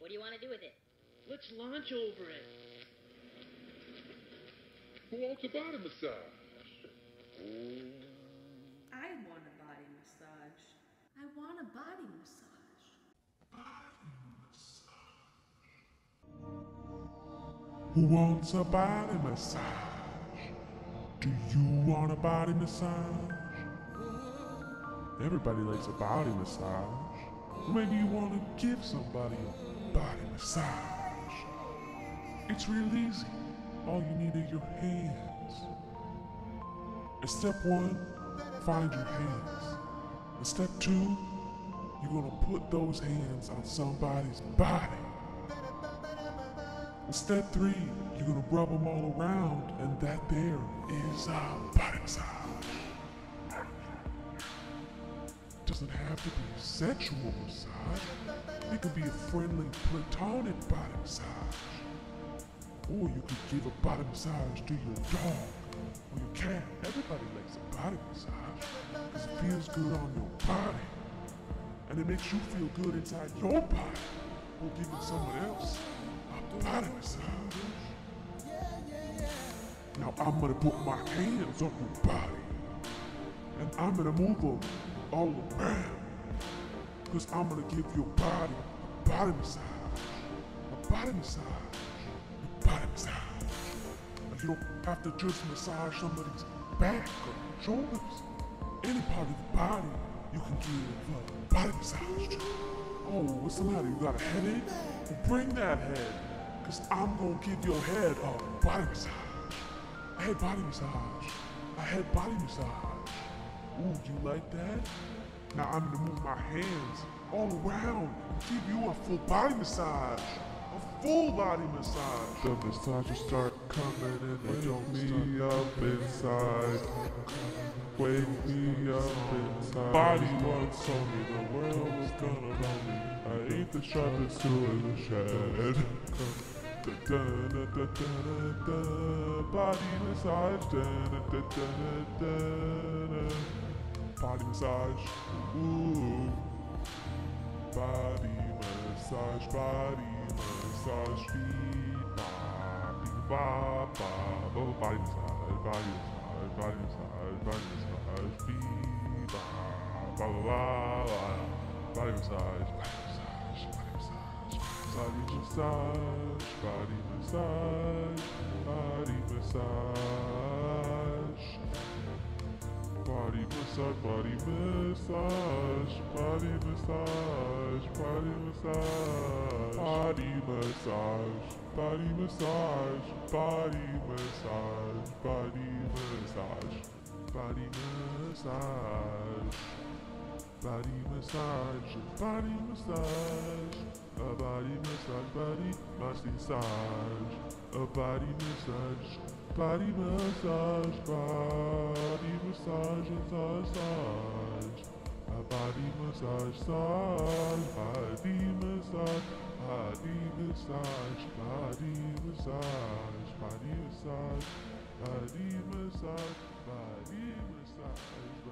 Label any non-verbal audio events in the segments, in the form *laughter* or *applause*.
What do you want to do with it? Let's launch over it. Who wants a body massage? I want a body massage. I want a body massage. Body massage. Who wants a body massage? Do you want a body massage? Everybody likes a body massage. Maybe you want to give somebody a body massage. It's real easy. All you need are your hands. And step one, find your hands. And step two, you're gonna put those hands on somebody's body. And step three, you're gonna rub them all around, and that there is a body. doesn't have to be sexual massage. It could be a friendly platonic body massage. Or you could give a body massage to your dog or your cat. Everybody likes a body massage because it feels good on your body. And it makes you feel good inside your body Or giving someone else a body massage. Now I'm gonna put my hands on your body and I'm gonna move them Oh, all around. Cause I'm gonna give your body a body massage. A body massage. A body massage. And you don't have to just massage somebody's back or shoulders. Any part of the body you can give a body massage to. Oh, what's the matter? You got a headache? Well, bring that head. Cause I'm gonna give your head a body massage. I had body massage. I had body massage moved you like that. Now I'm gonna move my hands all around, give you a full body massage. A full body massage. The massages start coming and they wake me up inside. Wake me up inside. Body once told me, the world was gonna love me. I ain't the sharpest tool in the shed. Da, da, da, da, da, da, da, body massage. Da, da, da, da, da, da. body massage. Ooh. Body massage, body massage. Bee ba ba Oh, body massage, body massage, body massage, body massage. Bee ba ba ba. Body massage, body massage, body massage, body massage, body massage, body massage. Body massage, body massage, body massage, body massage, body massage, body massage, body massage, body massage, body massage, body massage, body massage, a body massage, body massage, a body massage. Body massage, body massage, massage. A body massage, massage, body massage, body massage, body massage, body massage, body massage, body massage.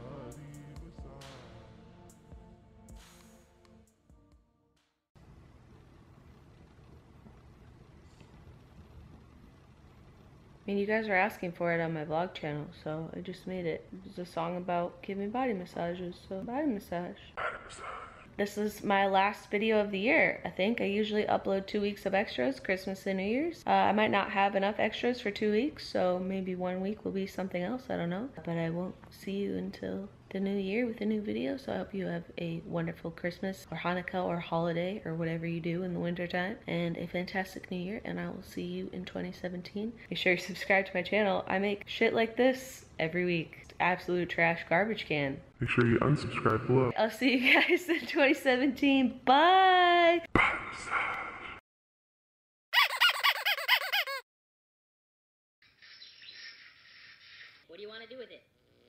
I mean, you guys were asking for it on my vlog channel, so I just made it. It's a song about giving body massages, so body massage. Body massage. This is my last video of the year, I think. I usually upload two weeks of extras, Christmas and New Year's. Uh, I might not have enough extras for two weeks, so maybe one week will be something else, I don't know. But I won't see you until the new year with a new video. So I hope you have a wonderful Christmas or Hanukkah or holiday or whatever you do in the wintertime and a fantastic new year. And I will see you in 2017. Make sure you subscribe to my channel. I make shit like this every week. Absolute trash garbage can. Make sure you unsubscribe below. I'll see you *laughs* guys in 2017. Bye. Bye. What do you want to do with it?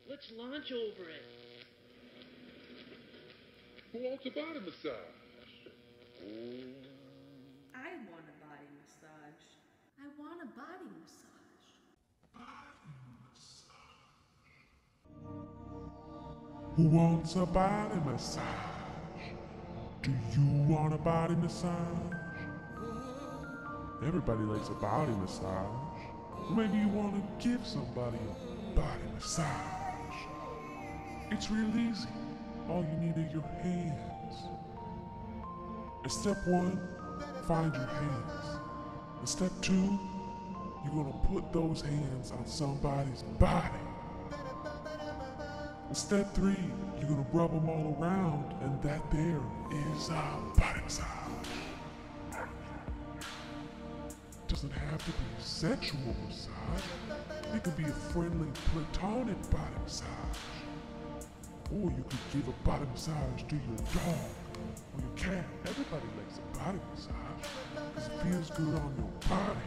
Let's launch over it. Who wants a body massage? I want a body massage. I want a body massage. Body massage. Who wants a body massage? Do you want a body massage? Everybody likes a body massage. Maybe you want to give somebody a body massage. It's real easy. All you need are your hands. And step one, find your hands. And step two, you're gonna put those hands on somebody's body. And step three, you're gonna rub them all around, and that there is a body massage. Doesn't have to be sexual massage. It could be a friendly platonic body massage. Or you could give a body massage to your dog. or your cat. Everybody likes a body massage because it feels good on your body.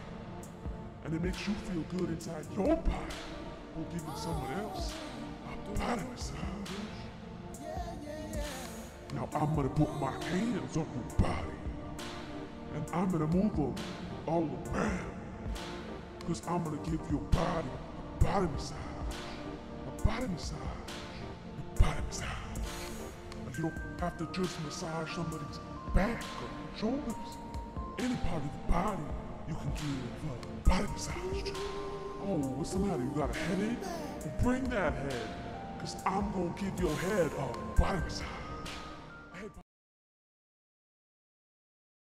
And it makes you feel good inside your body. Or giving someone else a body massage. Now I'm gonna put my hands on your body. And I'm gonna move them all around. Because I'm gonna give your body a body massage. A body massage bottoms out. And you don't have to just massage somebody's back or shoulders. Any part of the body you can give a body massage to. Oh, what's the matter? You got a headache? bring that head, because I'm going to give your head a body massage.